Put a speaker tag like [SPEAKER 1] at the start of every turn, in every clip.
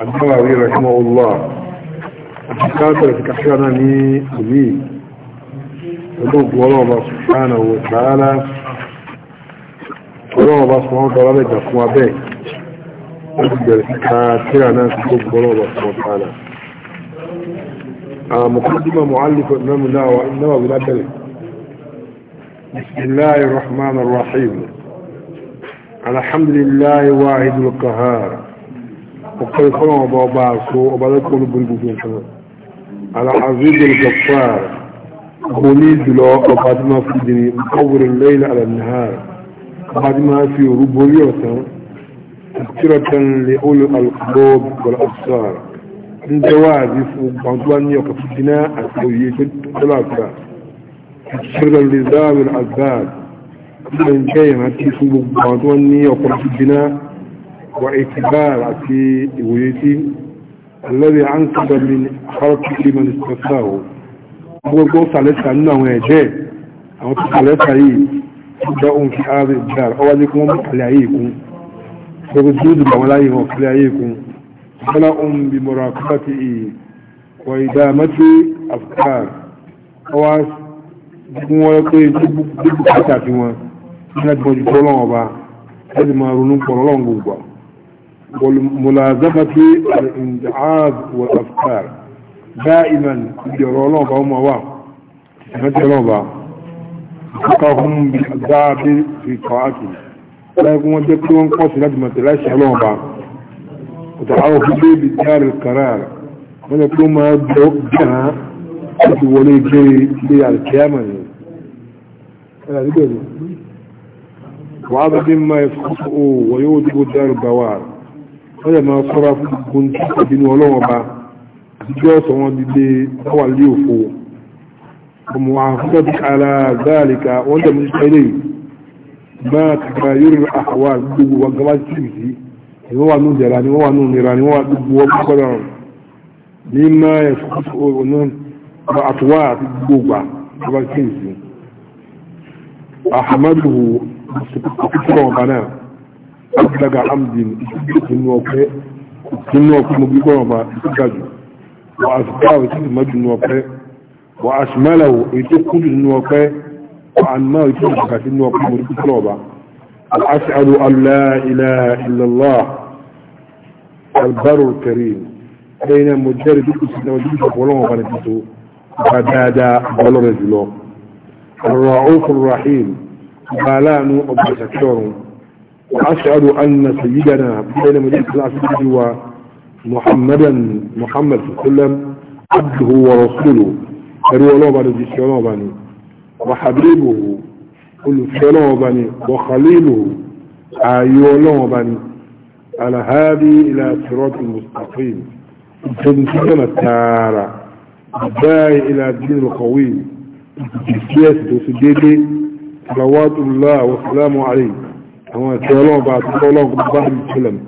[SPEAKER 1] النووي رحمه الله الكتابة في كحيانا ني أمين ونوب الله سبحانه وتعالى ونوب سبحانه وتعالى جاكما بي ونوب كاتيانا سبحانه وتعالى آه، مقدمة معلفة إمام الله وإنما بلا بلد بسم الله الرحمن الرحيم الحمد لله واحد القهار وكيف قلنا بابا سوء وبالكم بالبوبين كمان على عزيز الجبار خليد له وبعد ما في الدنيا مصور الليل على النهار بعد ما في ربوبية تذكرة لأولي القلوب والأبصار من جوازف وبعضوان يقصدنا السوية ثلاثة تذكرة لذاب العذاب من جاي هاتي سبب بعضوان يقصدنا واعتبار في ويتي الذي أنقذ من حركة من استثناه أقول قوص عليك أنه يجي أو تسألت عليه تبدأون في هذه الدار أو أنكم مقلعيكم فردود مولاي وقلعيكم صنع بمراقبته وإدامة أفكار أو أنكم مقلعيكم من أجمع جبرلون وبا هذه ما رنون قرلون قوبا والملازمة الاندعاز والأفكار دائما يرولون بهم وام يتمثلون بهم فقهم بالأذاب في طاعته لا يكون يكون قوس لجمة لا يشعلون بهم وتعرف به بالدار القرار ونكون ما يدعوها ولي جري لي على الكيامة وعظم مما يسقطه ويوجب دار البوار wọ́n yẹ máa kọ́ra fún gbogbo ní ìbínú ọlọ́wọ́n ba àtijọ́ ọ̀sán wọn dídé wà lé òfò ọmọ àfúgbà bí ara gbáàlìkà wọ́n dẹ̀ mú sẹ́lẹ̀ bá kàkà yóò rí àwà gbogbo wa gaba sí ìsí ni wọ́n wà nù jẹ̀ra ni wọ́n wà nù nira ni wọ́n wà gbogbo wọn kọ́kọ́ dà ní má yẹ àtúwà àti gbogbo abúlága amdin ìtúgbìtìnú ọpẹ́ nínú ọpẹ́ mo gbígbọ́ ọba ìtúgbàjù wà àṣìkáwò tí ìmọ̀ jù nú ọpẹ́ wà àṣìmáìláwò èyí tó kúrò nínú ọpẹ́ wà àmà èyí tó kàkà sí nú ọpẹ́ mo rí kúrò ọba aṣàlù aláìláìlọ́lá albaro karim ẹ̀yìn náà mo jẹ́rìí dúkù sí náà dúkù sọ̀pọ̀ ọlọ́wọ́ ọba nìkan tó bá dáadáa bọ́lọ́rẹ̀ jùlọ ọ̀rọ̀ ọ̀fọ̀ rahim bàálà nú ọba ìṣàkíọ̀rùn وأشهد أن سيدنا بين مدينة الأسود محمدا محمد صلى الله عليه وسلم عبده ورسوله أروى الله بني جيشيانا بني وحبيبه كل شيانا بني وخليله أيوة الله بني على هذه إلى صراط المستقيم سيدنا التارة الداعي إلى الدين القويم السياسة وسجدي صلوات الله وسلامه عليه أما كيلو بعد كيلو بعد الفيلم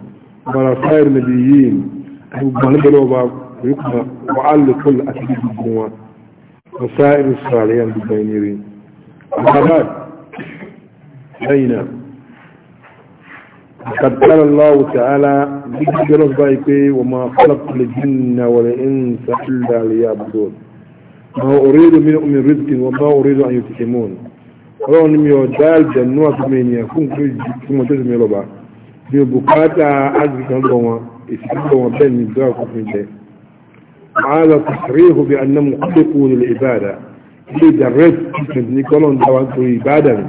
[SPEAKER 1] برا صاير مليين هم بنبلو بعد يكبر وعلى كل أكيد الجموع وسائر الصالحين بالبينيري أخبار أين قد قال الله تعالى بيجي بايكي وما خلق الجن والإنس إلا ليعبدون ما أريد منهم من رزق وما أريد أن يتكمون ọlọ́run ní mi ò dá ẹ̀jẹ̀ nínú àtúmọ̀ ènìyàn fún nǹkan tí mo tẹ̀sí mi lọ́ba mi ò bùkátà àgbẹ̀kan lọ wọn èsì lọ wọn bẹ́ẹ̀ ni ìdúrà kò fún jẹ. ààlọ́ kàṣírí ìhò bí anam kúlẹ̀ kú nílẹ̀ ìbáàdà ilé direct treatment ní kọ́lọ́n dáwà nítorí ìbáàdà ni.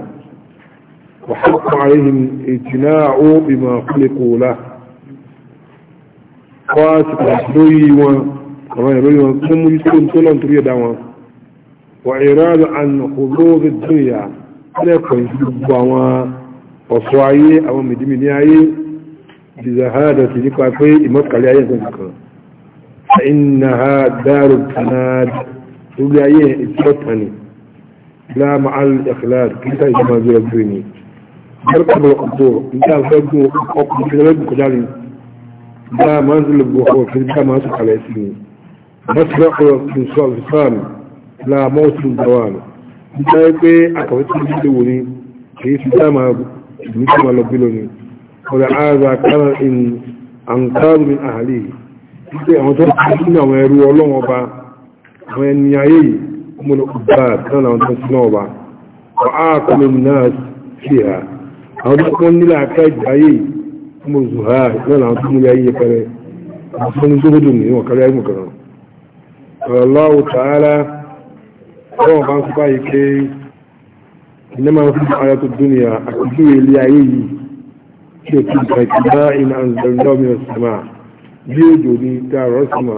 [SPEAKER 1] wàhálà àríhìn ìtìná ó ìmọ̀ kúlẹ̀ kú la. wọ́n á ti pàṣẹ lórí wọn àwọn ìròyìn wọn tó mú ní tó ń tó lọ́n torí ẹ̀dá wọn. وإرادة عن حظوظ الدنيا lẹ́ẹ̀kọ́ ìlú gbogbo àwọn ọ̀sọ́ ayé àwọn mìdímì ní ayé ìzàhádà ti nípa pé ìmọ̀kàlẹ̀ ayé nǹkan kan ṣàìnà ha dáàrù tànáàdì lórí ayé ìtọ́tàní láàmà al-ẹ̀kìláàdì kí sáà ìjọba gbé ọgbẹ́ ni bẹ́ẹ̀kọ́bọ̀ láàmọ́ òsùn dáwà nígbà pé àkàwé tí ó léwu ni kìí fi dá máa ìlú tó máa lọ bí lónìí ọ̀rẹ́ ààrẹ àkàrà in àǹkárù ní àhàlì wípé àwọn tó ń fi ní àwọn ẹrú ọlọ́wọ́n ọba àwọn ẹni ayé yìí ọmọ ní ọba kan àwọn tó ń fi náà ọba ọ̀ ààkọ́mọ náà sí ha àwọn tó kọ́ nílẹ̀ àká ìgbà ayé yìí ọmọ zuha náà làwọn tó múlẹ̀ ayé pẹrẹ àwọn tó ń gbódò ní ọ̀kadà ayé mọ̀kànlá ọ̀rọ̀ ọlọ́run bá ń sọ báyìí pé ìnáma ń fi ara tó dún nìyà àkójú ilé ayé yìí tí o ti gbà ìgbà iná àǹzẹ̀lọ́mì ọ̀sánmà bí òjò ní ìta ọ̀rọ̀ sọ̀mà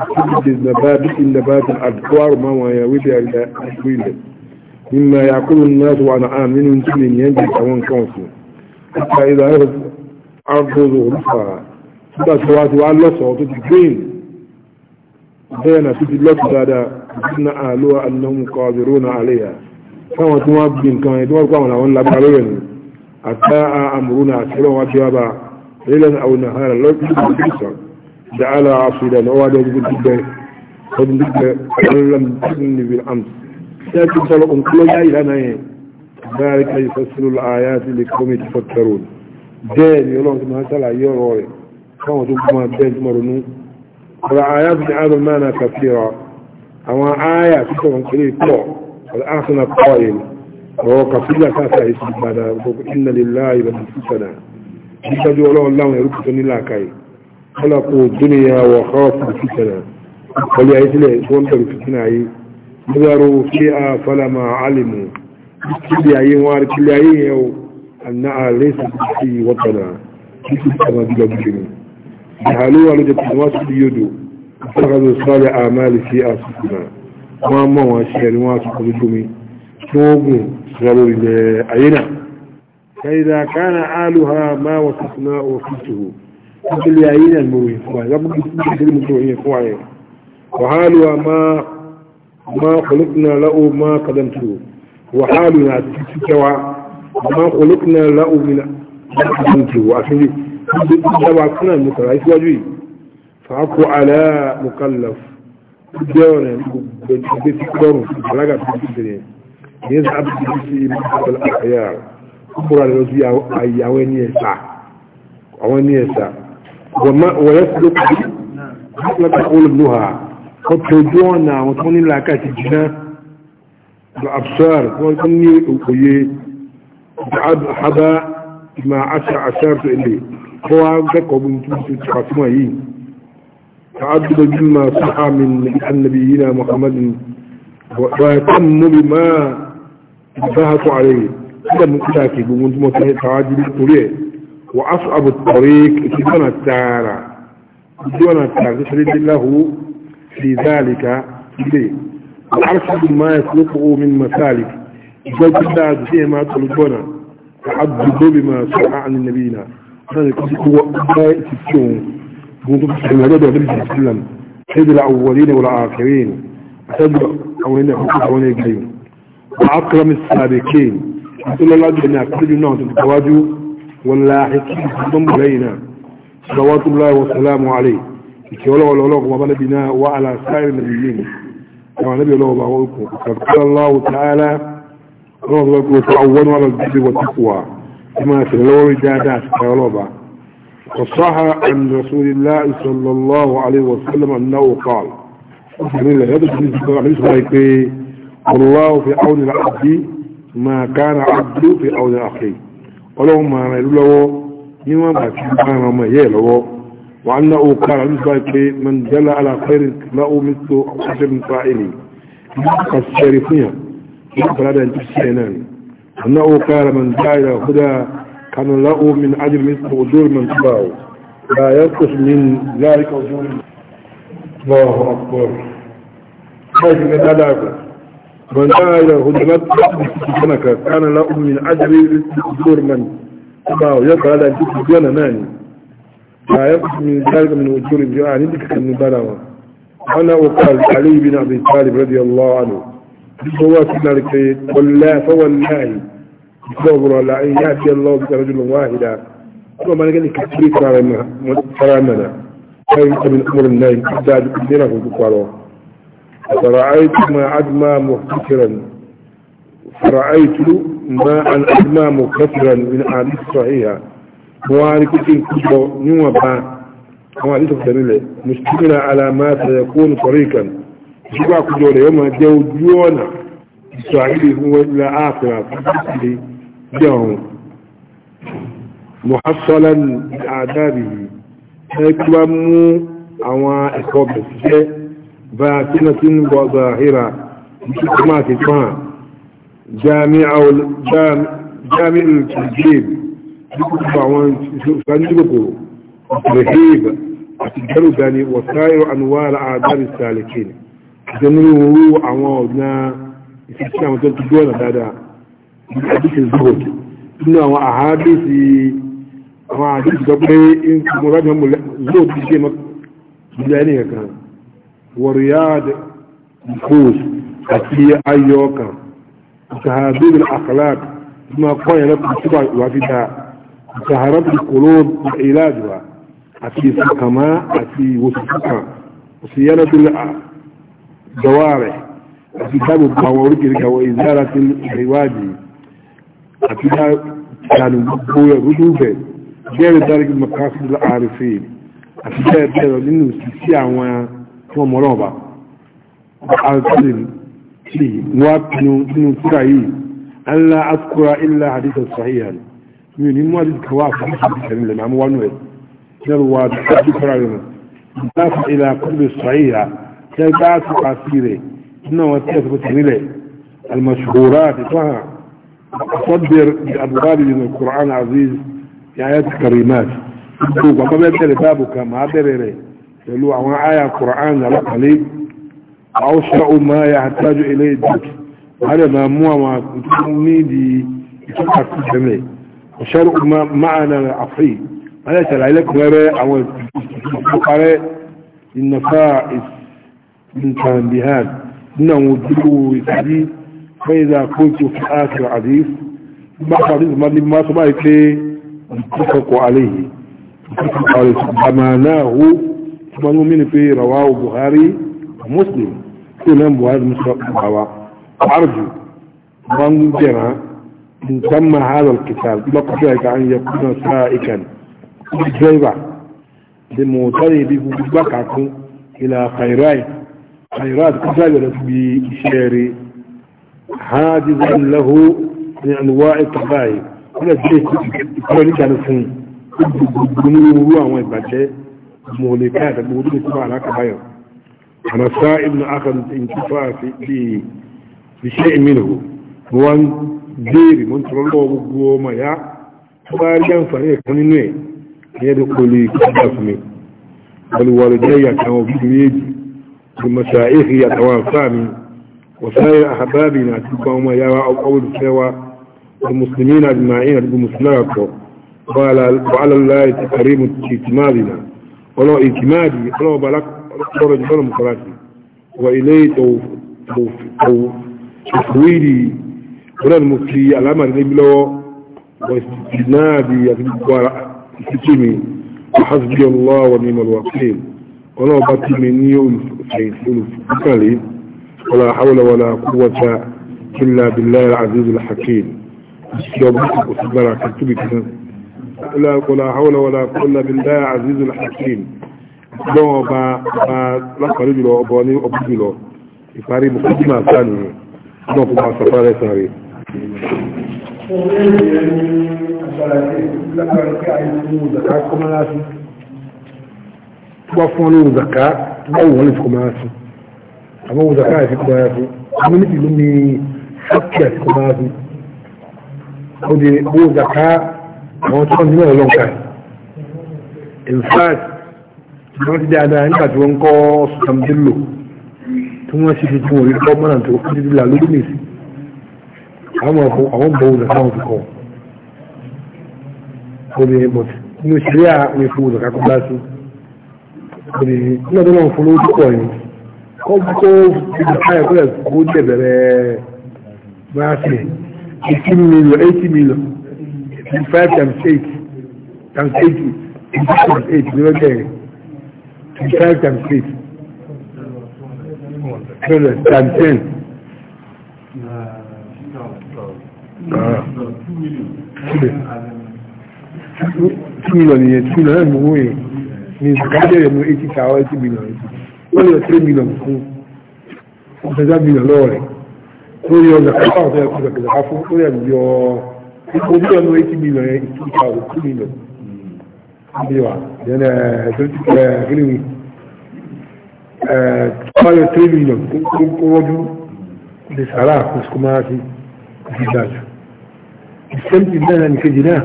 [SPEAKER 1] àti ìdè nàbà bí ìnàbà tó àdúgbò àrùn máa wọ̀nyà wíbi àrídà àdúgbò ilẹ̀ nígbà yàkúrò náà tó wà náà nínú tí lè yẹn jẹ àwọn nǹkan ọ̀sìn nípa ìlà àrùn òrùfà nígbà tó wá ti wá lọ́sọ̀ọ́ tó ti gbìn bẹ́ẹ̀ nà tó ti lọ́tù dáadáa ìdílé àlọ́ anáhùn kọ́ àbẹ̀rù náà àlẹ́yà fáwọn a wọ́n bí nǹkan ẹ̀ tí wọ́n kọ́ àwọn àwọn lágbára lórí ẹ̀nu àtà àmúrú náà àti ọlọ́wọ́n bí wọ́n bá lẹ́lẹ́ àwọn nàhàrà lọ́kùnrin dàálà àfìdà lọ́wọ́ adé ọdún gbígbẹ́ ọdún gbígbẹ́ ọlọ́lọ́m tíkùn níbi àmì sai kun salo kun kulo ya yi lana yin dalika yi fasilu kome fattaro adam na kafira àwọn ààyà tí sọ̀rọ̀ kiri pọ̀ al'asana kọ́ọ̀yìn ọ̀rọ̀ kàfíjà sáàsà yìí ti gbada gbogbo iná lílá ìbá ti fi sọ̀dà nígbàjú ọlọ́run láwọn ẹ̀rú kùtù nílà káyì kọ́lá kó dúnìyà wọ̀ kọ́ọ̀fù fi sọ̀dà kọ́lé ayé sílẹ̀ tó ń bẹ̀rù fìtínà ayé nígbàrú sí a falama alimu kílì ayé wọn àti kílì ayé اتخذوا صالح أعمال في أصفنا ما ما واشياء لواسق لكم توقوا صغروا لأينا فإذا كان آلها ما وصفنا وصفته قبل يعين المروي فوائد قبل يعين المروي فوائد وحالها ما ما خلقنا له ما قدمته وحالنا تسكوا ما خلقنا له من ما قدمته عشان دي دي دي دي fàákù alẹ́ mukallaf jẹ́ ọ̀rẹ́ gbẹ̀gbẹ̀ tí kọ́rù alága tó ti bẹ̀rẹ̀ ní ẹ̀sà àbúkú sí ìmọ̀sílẹ̀ àyà kúkúrò alẹ́ lọ́sí àyàwó ẹni ẹ̀sà àwọn ẹni ẹ̀sà wọ̀nyẹ́ sí lókù bí lápá olùmúhà ó tó ojú ọ̀nà àwọn tó ní làákà ti jìnà lọ absar wọ́n tó ní òkòye àbá ìmọ̀ àṣà àṣà tó ilé fọwọ́ akẹ́kọ̀ọ́ bí mo tún ti tàkàtúmọ̀ yìí تعدد مما صح من نبينا محمد ويتم بما انتهت عليه هذا مكتاكي بمنت متهد تعدد الطريق وأصعب الطريق اتبنى التارة اتبنى التارة تشريد الله في ذلك ليه وأرشد ما يسلكه من مسالك جد الله فيه ما تلقنا تعدد بما صح عن النبينا أنا يكون هو اتبنى منذ المهدد والنبي صلى الله عليه وسلم سيد الأولين والآخرين سيد الأولين والآخرين يجريون وعقرم السابقين أقول الله جميعا كل يوم تتواجه واللاحقين تضم بلينا صلوات الله والسلام عليه يقول الله ولوك وبنا بنا وعلى سائر النبيين كما نبي الله وبعوكم قال الله تعالى الله تعالى على البر والتقوى كما في الأول جادات قال الله وصح عن رسول الله صلى الله عليه وسلم أنه قال والله في عون العبد ما كان عبد في عون أخيه ولهم ما نقول له نما ما كان ما يله وأنه قال من دل على خير له مثل عشر فاعله فالشريفين فلا أنه قال من دعا إلى هدى كان له من أجل مثل أجور من تباعه لا ينقص من ذلك أجور الله أكبر هذه الألعاب من قال إلى هدمات سنك كان له من أجل أجور من تباعه يبقى هذا الجزء ناني لا ينقص من ذلك من أجور الجواني ذلك النبالة أنا وقال علي بن أبي طالب رضي الله عنه هو سنة لكي والله فوالله gbogbo la in ya ce Allah bi rajulun wahida kuma man gani ka tsiri karama karamana
[SPEAKER 2] kai min umrin nan da
[SPEAKER 1] dira ku kwaro fara'aytu ma adma muhtakiran fara'aytu ma an adma muhtakiran min ahli sahiha muwari kutin kubo niwa ba kuma hadisi da dalile mustamila ala ma sayakun tariqan
[SPEAKER 2] shi ba ku jore
[SPEAKER 1] yamma jawu jona sahili huwa ila akhirah jẹun muhassalan àdáàbì yìí kí wá mú àwọn ẹ̀kọ́ bẹ̀ síṣẹ́ bá a tí na tí ń bọ̀ zahira ní kí máa ti tán jami'ul kirgib duk àwọn sanjúgbò kirgib àti gẹ́rùgbà ni wasairo anuwa al'adari salikin jẹ́ nínú àwọn ọ̀nà ìfẹ́ sí àwọn tó ti gbọ́nà dáadáa من حديث الزهد إلا وأحاديث وأحاديث قبل إن مراجهم الزهد بشيء مدانية كان ورياض نفوس أتي أيوكا تهذيب الأخلاق ما قوية لكم سبع وفدها سهرات القلوب وعلاجها أتي سكما أتي وسكما وصيانة الجوارح أتي الضوارك لك وإزالة الرواج àti dànù gbogbo ẹ̀rú lóòfẹ́ bẹ́ẹ̀rẹ̀ dárígi makasu àrífẹ́ àti bẹ́ẹ̀ bẹ́ẹ̀ lọ nínú sí àwọn tí wọ́n mọ́rọ̀ ọba alkalim tí wọ́n pinnu nínú síra yìí an la askura illa hadithan sahihan mi ò ní mú àdìsí kan wá fún ìṣẹ̀lẹ̀ lẹ́nu àmú wánú ẹ̀ lẹ́rù wa أصدر بأبغالي من القرآن العزيز آيات كريمات وما بيبدأ بابك ما بريري يقولوا عن آية القرآن لك عليك أوسع ما يحتاج إليه الدك هذا ما مو ما تسمي دي يتحق جميع وشرع ما معنى العفري هذا تلعلك مرة أو الفقراء النفائس من تنبيهات إنه دلو يتحديد فإذا كنت في آخر الحديث ما حديث ما لما سمعت لي اتفق عليه اتفق عليه ضماناه ثم نؤمن في رواه البخاري ومسلم كل بخاري مسلم أرجو من جرى إن تم هذا الكتاب لقد أن يكون سائكا جيبا لموتري ببكعكم إلى خيرات خيرات كتاب بإشاري حاجزا له من أنواع الكبائر ولا شيء يكون كان فيه جمهور ويبجى مهلكات الموضوع يسمى على كبائر أنا سائل آخر انتفاع في بشيء منه وان ديري من تلوه وقوما يا فارجان فريق من نوي يدخل كبافمي والوالدين يتوافي المشايخ يتوافى منه وسائر أحبابنا تلقاهم يا أول سوى المسلمين أجمعين المسلمين وعلى الله تكريم اعتمادنا ولو اعتمادي ولو بلق خرج بلا مقراتي وإليه تفويلي ولا المفتي على أمر نبلو واستجنابي يكتمي وحسبي الله ونعم الوكيل ولو باتي مني ولو فكالي ولا حول ولا قوة إلا بالله العزيز الحكيم يومك وصبر كتبك لا ولا حول ولا قوة إلا بالله العزيز الحكيم lọ́wọ́ ọba ọba lápàrí jùlọ ọba ní ọdún jùlọ ìparí mọ̀kúndì máa sáà nìyẹn náà kò máa sọ̀rọ̀ rẹ̀ sáré. wọ́n fún ọ ní òzàká wọ́n wọ́n lè fi kọ́ máa sí. àwọn òṣàkà àti kọ́ máa fún àwọn méjì ló ní fọ́ọ̀kì àti kọ́ máa fún ó di owó òṣàkà àwọn tó ní náà lọ́nkà in fact wọ́n ti dáadáa nígbà tí wọ́n kọ́ Sultan Bello tí wọ́n sì fi tún orí kọ́ mọ́nà tó kọ́ títí là lórí nìsí àwọn ọkọ̀ àwọn bọ̀ òṣàkà wọn fi kọ́ ó di but ní òṣèré àwọn ìfowóṣàkà kọ́ bá sí ó di nígbà tó náà fọlọ́wọ́ tó kọ́ yìí kó kó ìdíkáyọ̀ kó lè kó dẹ̀ bẹ̀rẹ̀ báyà sí eighteen million eighty million five times eight times eighty eighty times eight ní ọjọ́ yẹn twenty five times eight hundred times ten. Ah. two million yẹn two million náà mú wọ́n yẹn ní ìsìnkájẹ́ rẹ̀ mú eighty thousand eighty million wọ́n lè three million fún ọ̀sẹ̀dá million lọ́wọ́ rẹ̀ lórí ọjà kápá ọ̀sẹ̀ ẹ̀kọ́ ìjọba ìjọba fún ó yẹ yọ ipò mílíọ̀n ní eighty million yẹn two thousand two million àbíwá then twenty three week tọ́yọ̀ three million kó wọ́jú lè sàrà kòsìkò máa ti di dájú ìsẹ́ǹtì náà ní kejì náà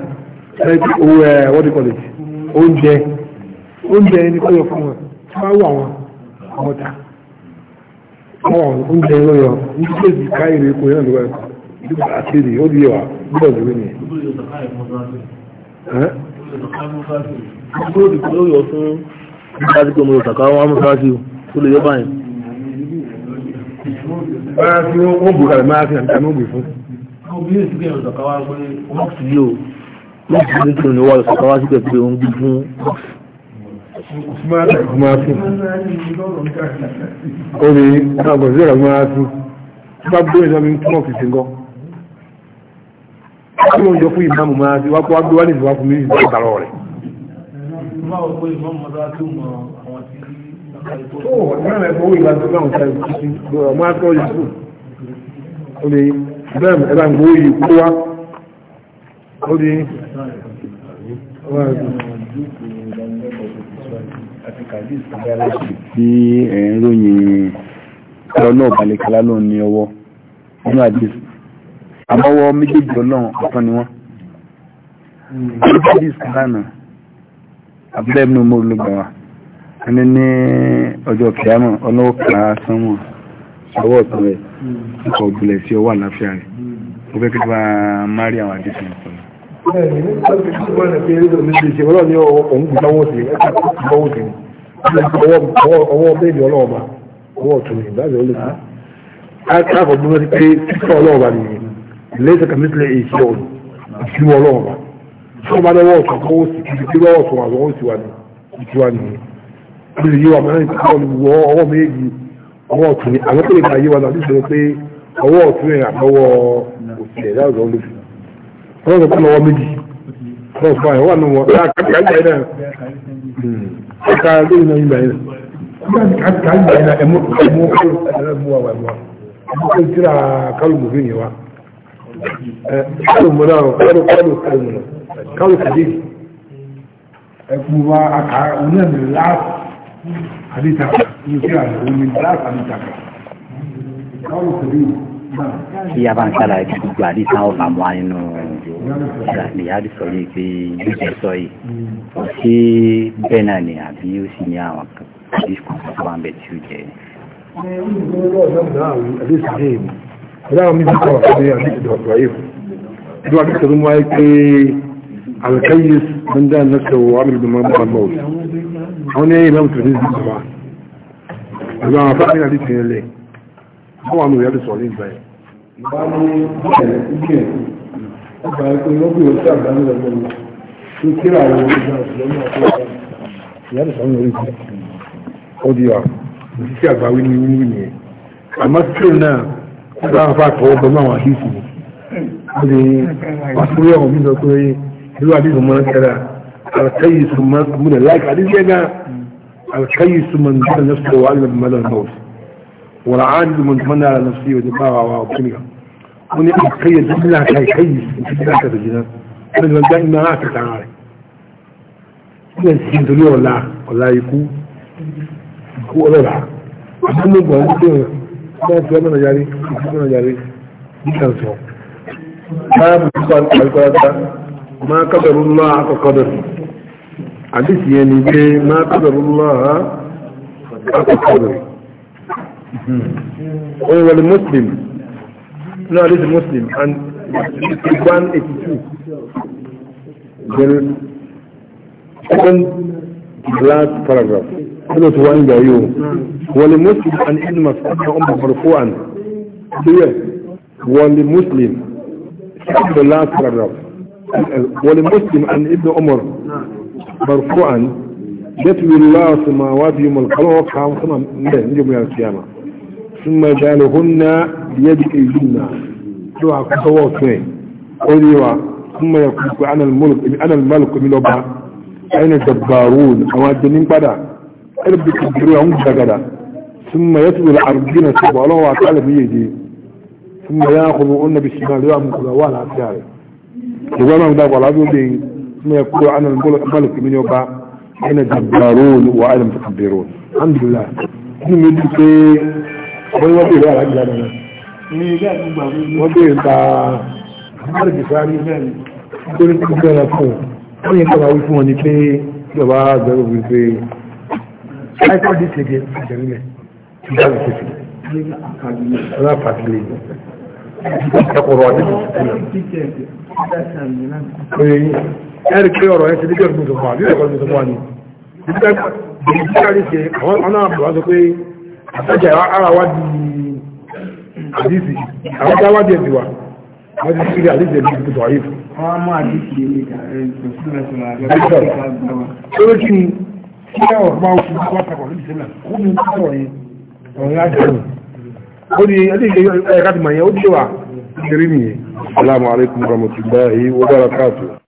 [SPEAKER 1] láti owó ẹ̀ wọ́dí kọ́lẹ̀jì oúnjẹ oúnjẹ ní kọ́yọ̀ fún wọn tí wọ́n wà wọn ọ̀dà àwọn oúnjẹ ló yọ nígbà tí káyìrì kò yẹn lọ́wọ́ ẹ̀kọ́ nígbà àti èdè ó di wà nígbà òdìwé ni. Gbogbo òdìkú ló yọ fún nígbà tí kò mọ̀ lọ́sàkà wọn á mú sáásì tó lè yọ báyìí. Báyà tí wọ́n bù kalẹ̀ máa fi àǹtà ní ògbè fún. Gbogbo yóò sì bẹ̀rẹ̀ lọ́sàkà wá pé mọ́ọ̀sì yìí o. Mọ́ọ̀sì yìí tó ní wà lọ́sàkà wá sí pẹ̀ pé òun gbé fún mọ́ọ̀sì usmana kumasu orí ọgbọ̀n zera kumasu bá gbé ẹ̀sọ́ mi túnmọ̀ kìí ngọ́ kí wọ́n jọ fún ìmáàmù máa ti wákọ́ wágbé wálé ìwá fún mi ìgbà ìgbàlọ́ rẹ̀ Bẹ́ẹ̀m ẹ̀bá ń gbó yìí kó wá, ó di wọ́n rẹ̀ tí ẹ̀ ń ròyìn ọlọ́ balẹ̀kálá ló ní ọwọ́ nínú àdìs àmọ́wọ́ méjèèjì ọlọ́run ọ̀tọ́ ni wọ́n àdìs kàánà abúlé ẹ̀mí mọ́ olùgbà wa ẹni ní ọjọ́ kìámọ̀ ọlọ́wọ́ kàá sánmọ̀ ọwọ́ ọ̀tọ́ rẹ̀ ọkọ̀ òbílẹ̀ sí ọwọ́ àlàáfíà rẹ̀ ó fẹ́ kí wọ́n máa rí àwọn àdìs nìkan Bẹ́ẹ̀ni, ó ti kí wọ́n lè sí, ẹ ọwọ́ bẹ́ẹ̀ni ọlọ́ọ̀ba ọwọ́ ọ̀tún ní ìbáṣẹ olóògbé akẹ́kọ̀ọ́ bí wọ́n ti pé títọ́ ọlọ́ọ̀ba nìyẹn lẹ́sẹ̀ kàmísílẹ̀ èyí ọ̀nà ìṣú ọlọ́ọ̀ba tí wọ́n bá lọ́wọ́ ọ̀tún kó sì kí ibi lọ́wọ́ ọ̀tún àwọn ọ̀tún tiwa ni ìtiwa nìyẹn bí lè yí wa máa ń kọ́ ọwọ́ méjì ọwọ́ ọ̀tún ni àwọn pèlè máa yí wa láti sọ pé ọwọ́ ọ̀tún yẹn àtọwọ́ òsèlè láwùjọ olóògbé ọlọ́ọ̀tún kọ́ lọ́wọ́ méjì ọlọ́ọ̀tún báyìí wà nù كعلينا إلا هنا كذلك حتى علينا إلا أمور أمور أمور أمور أمور ترى قلب فيني وا قالوا منا قالوا قالوا قالوا منا قالوا حديث أكوا أكع ونا من العص حديث من كذا ومن العص حديث قالوا حديث kí a bá ń ṣàlàyé kí gbogbo àdìsá ọ̀fà mọ́ nínú ìyáàdì sọ yìí pé jíjẹ sọ yìí kò sí bẹ́ẹ̀ náà ni àbí ó sì ní àwọn àdìsí kan tó wà ń bẹ̀ tí ó jẹ. Ìjọba bí kò
[SPEAKER 2] tó mú wáyé pé
[SPEAKER 1] alkayis من دان نفسه وعمل بمنبر الموت هون ايه لو تريد بسرعة يبقى ما فعل عليك هنا ليه báwọn ọmọ ìyàlẹ̀ sọ̀rọ̀ nígbà yẹn. bá ní bẹ́ẹ̀ ibi ẹ̀ ọgbà ẹ̀kọ́ lọ́gbì ọ̀sẹ̀ àgbáyé lọ́gbẹ̀ lọ tó kíra àwọn ìgbà òṣèlú náà tó wà ìyàlẹ̀ sọ̀rọ̀ lórí ìgbà ó di wa òṣìṣẹ́ àgbáwí ní wúwú nìyẹn àmọ́ tó náà ó bá wọn fà tọwọ́ bọ́ máwọn àdéhùn mi ó di wọn tó yẹ ọmọ pé irú àdéhùn mọ́ kẹ́ra àlùkáyìí sùn mọ́ múlẹ̀ láìka àdéhùn yẹn gan àlùkáyìí sùn mọ́ nígbà náà sọ̀rọ̀ wà والعاجز من تمنى على نفسي ودماغه وعقلها من يبقي جملة كيكيس جملة كتجنة من من دائما ما تتعارك من السيد لي ولا ولا يكون هو ولا أما من قال لي ما في أنا جاري أنا جاري كان سوى كان قال القرآن ما قدر الله قدر حديث يعني ما قدر الله قدر هو المسلم لا ليس المسلم عن 182 the second last paragraph كله سواء جايوه ولمسلم عن ابن مسعود أم مرفوعا ولمسلم the last paragraph ولمسلم عن ابن عمر مرفوعا يتوي الله سماوات يوم القيامة وقعهم سماء نجم يوم القيامة ثم جعلهن بيد أيدينا لو أكسوا اثنين قولوا ثم يقولوا أنا الملك أنا الملك من أبا أين الجبارون او الجنين بدا قلب بدي هم بدا ثم يتبع العربين سبع الله وتعالى بيدي ثم يأخذهن بالشمال يوم كلاوان عسياري يقول من دابا العبدين ثم يقول أنا الملك من أبا أين الجبارون وأين المتكبرون الحمد لله ثم يقول wọ́n wọ́n bèèrè alájà nìyẹn. wọ́n bèèrè ta àmàlì bìsáárì nítorí tí wọ́n bẹ̀rẹ̀ fún un wọ́n yẹn kọ́ra wí fún wọn ni pé ìjọba àgbẹ̀rù fi pé láìpẹ́ ọdún ti di ìjẹ̀lẹ̀ ìjọba ti fi ọlá pàtìlẹ̀ ẹkọ̀rọ̀ ọdún ti fi ẹ̀rì pé ọ̀rọ̀ ẹ̀ ti dídí ọdún tó fún wa bí ọ̀rọ̀ ọdún tó fún wa ni. ìjọba ti fi ọ̀rọ̀ ẹ̀ ti dídí ọdún tó fún wa ni àtàjà ara wá di àdìsí àwọn tá wá di ẹ̀sìn wa wọ́n ti sírí àdìsí ẹ̀sìn tó tọ̀ àyífò. wọ́n mú àdìsí ẹ̀sìn kíkẹ́ ọ̀rọ̀ máa wọ́n wá sàkọ̀ lórí sílẹ̀ ó ní ọ̀rọ̀ yẹn ọ̀rọ̀ yẹn àjẹ́ ó ní ẹdí ìṣe ẹ̀ka ti mọ̀ yẹn ó ti wà ìṣeré nìyẹn. asalaamualeykum warahmatulahi wabarakatuh.